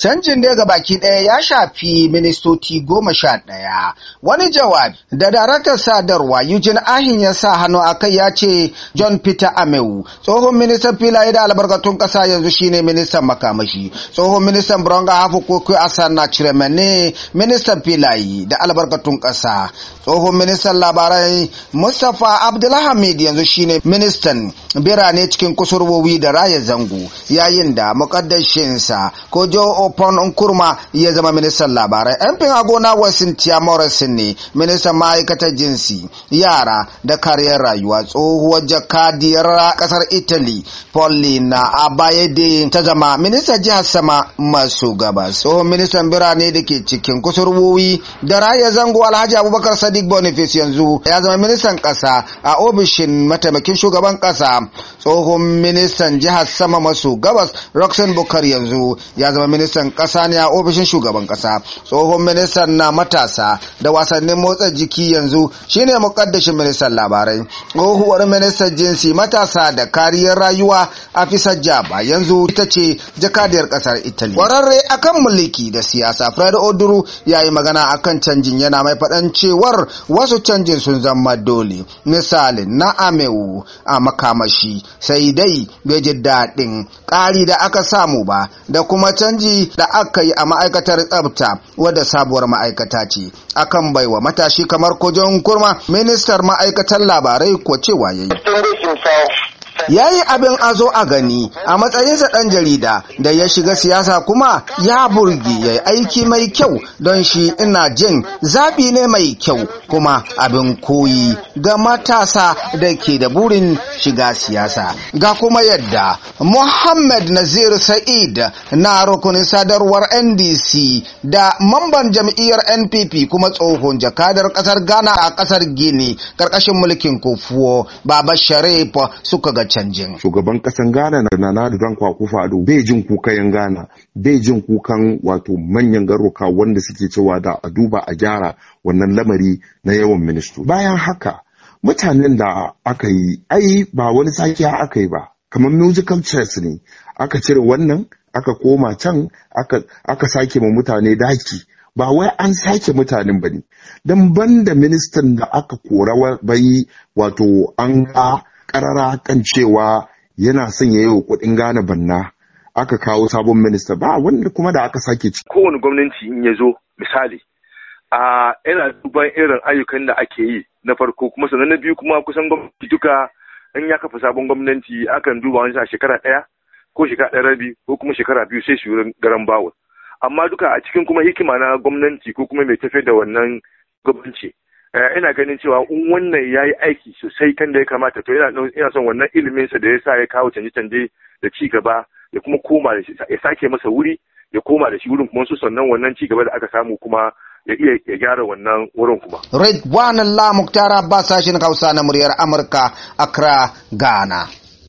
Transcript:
Canjin daga baki ɗaya ya shafi ministoci goma sha ɗaya. Wani jawabi da daraktar sadarwa Eugene Ahin ya sa hannu a kai ya ce John Peter Amewu, tsohon ministan filaye da albarkatun ƙasa yanzu shine ministan makamashi, tsohon ministan Buronga Hafu Koko Asana Chiremene ministan filaye da albarkatun ƙasa, tsohon ministan labarai Mustapha Abdulhamid yanzu shine ministan birane cikin kusurwowi da raya zango, yayin da muƙaddashinsa ko Joe Ofon Nkurma ya zama ministan labarai. Yan agona Wasin Morrison ne ministan ma'aikatar jinsi, yara da kariyar rayuwa tsohuwar jakadiyar kasar Italy Paulina Abayede ta zama ministan jihar sama masu gaba Tsohon ministan birane da ke cikin kusurwowi da raya zango Alhaji Abubakar Sadiq Boniface yanzu ya zama ministan kasa a ofishin mataimakin shugaban kasa. Tsohon ministan jihar sama masu gabas Roxanne Bukar yanzu ya zama ministan ministan ƙasa ne a ofishin shugaban kasa tsohon ministan na matasa da wasannin motsa jiki yanzu shine mukaddashin ministan labarai tsohuwar ministan jinsi matasa da kariyar rayuwa a fisar jaba yanzu ita ce jakadiyar ƙasar italy kwararre akan mulki da siyasa fred oduru ya yi magana akan canjin yana mai faɗan cewar wasu canjin sun zama dole misali na amewu a makamashi sai dai bai ji daɗin ƙari da aka samu ba da kuma canji da aka yi a ma'aikatar tsabta wadda sabuwar ma'aikata ce akan baiwa matashi kamar kojon kurma ministar ma'aikatar labarai ko cewa yi ya yi abin azo a gani a matsayinsa ɗan jarida da ya shiga siyasa kuma ya burge ya yi aiki mai kyau don shi ina jin zaɓi ne mai kyau kuma abin koyi ga matasa da ke da burin shiga siyasa ga kuma yadda muhammad nazir sa'id na rukunin sadarwar ndc da mamban jam'iyyar npp kuma tsohon jakadar ƙasar ghana a ƙasar gini ƙarƙashin mulkin kofuwo baba sharif suka gaci canjin. Shugaban ƙasan Ghana na Nana Dankwa Akufo-Addo bai jin kukan Ghana, bai jin kukan wato manyan garuka wanda suke cewa da a duba a gyara wannan lamari na yawan ministo. Bayan haka, mutanen da aka yi, ai ba wani sakiya aka yi ba, kamar musical chairs ne, aka cire wannan, aka koma can, aka, sake ma mutane daki. ba wai an sake mutanen ba ne don da ministan da aka kora bai wato an ga karara kan cewa yana son ya yi wa kudin gane banna aka kawo sabon minista ba wanda kuma da aka sake ci. Kowane gwamnati in ya zo misali a yana duban irin ayyukan da ake yi na farko kuma sannan na biyu kuma kusan gwamnati duka in ya kafa sabon gwamnati akan duba wani shekara ɗaya ko shekara ɗaya rabi ko kuma shekara biyu sai su garan bawul amma duka a cikin kuma hikima na gwamnati ko kuma mai tafiya da wannan gwamnati Eh, ina ganin cewa in wannan ya yi aiki sosai kan da ya kamata to ina son wannan ilimin sa da ya sa ya kawo canje-canje da ci gaba ya kuma koma da shi ya sake masa wuri ya koma da shi wurin kuma su sannan wannan ci gaba da aka samu kuma ya iya ya gyara wannan wurin kuma. Red Wanan La Muktara ba sashin Hausa na muryar Amurka Accra Ghana.